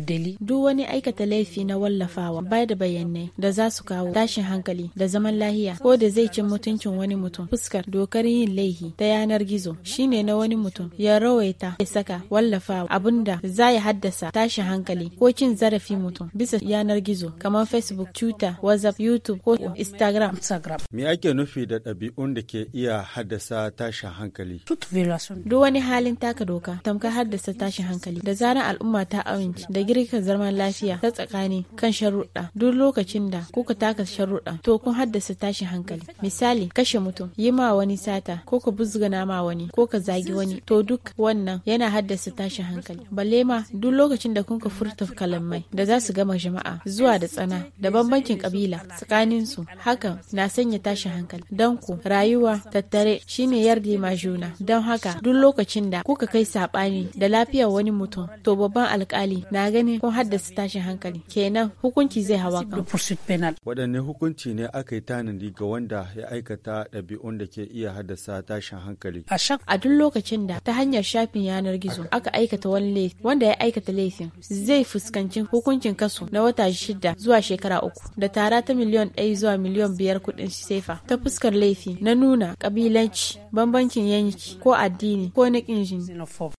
deli duk wani aikata laifi na wallafawa ba da bayanai da za su kawo tashin hankali da zaman lahiya ko da zai cin mutuncin wani mutum fuskar dokar yin laifi. ta yanar gizo shine na wani mutum ya rawaita ya saka wallafawa abun da za ya haddasa tashin hankali ko cin zarafi mutum bisa yanar gizo kamar facebook twitter whatsapp youtube ko instagram me ake nufi da ɗabi'un da ke iya haddasa tashin hankali duk wani halin taka doka tamka haddasa tashin hankali da zarar al'umma ta amince da ya girka zaman lafiya ta tsakani kan sharuɗa duk lokacin da kuka taka sharuɗa to kun haddasa tashin hankali misali kashe mutum yi ma wani sata ko ka buzgana nama wani ko ka zagi wani to duk wannan yana haddasa tashin hankali balle ma duk lokacin da kun ka furta kalamai da za su gama jama'a zuwa da tsana da bambancin kabila tsakanin su hakan na sanya tashin hankali don ku rayuwa tattare shine yarda ma juna don haka duk lokacin da kuka kai saɓani da lafiyar wani mutum to babban alkali na ganin kun haddasa tashin hankali kenan hukunci zai hawa kan waɗanne hukunci ne aka yi tanadi ga wanda ya aikata ɗabi'un da ke iya haddasa tashin hankali a duk lokacin da ta hanyar shafin yanar gizo aka aikata wani laifi wanda ya aikata laifin zai fuskanci hukuncin kaso na wata shida zuwa shekara uku da tara ta miliyon ɗaya zuwa miliyon biyar kuɗin sefa ta fuskar laifi na nuna kabilanci bambancin yanki ko addini ko na ƙin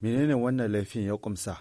menene wannan laifin ya kumsa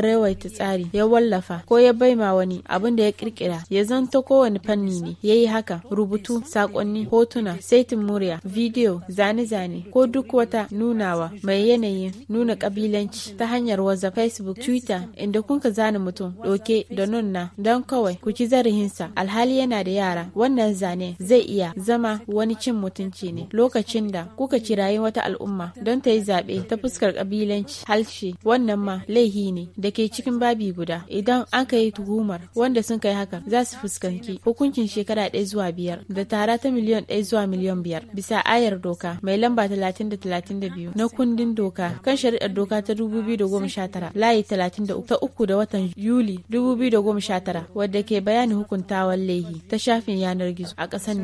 rawaita tsari ya wallafa ko ya baima wani abin da ya kirkira ya zanto kowane fanni ne ya yi haka rubutu sakonni hotuna saitin murya bidiyo zane-zane ko duk wata nunawa mai yanayin nuna kabilanci ta hanyar waza facebook twitter inda kunka zane mutum doke da nunna don kawai ku ci zarihinsa alhali yana da yara wannan zane zai iya zama wani cin mutunci ne lokacin da kuka kirayi wata al'umma don ta yi zaɓe ta fuskar kabilanci halshe wannan ma laihi ne da ke cikin babi babi guda idan aka yi tuhumar wanda sun kai hakan za su fuskanci hukuncin shekara ɗaya zuwa biyar da tara ta miliyan ɗaya zuwa miliyan biyar bisa ayar doka mai lamba talatin da talatin da biyu na kundin doka kan shari'ar doka ta dubu biyu da goma sha tara layi talatin da uku ta uku da watan yuli dubu biyu da goma sha tara wadda ke bayani hukuntawan laihi ta shafin yanar gizo a ƙasar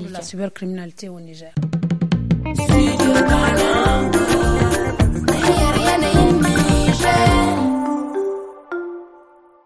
Nijar.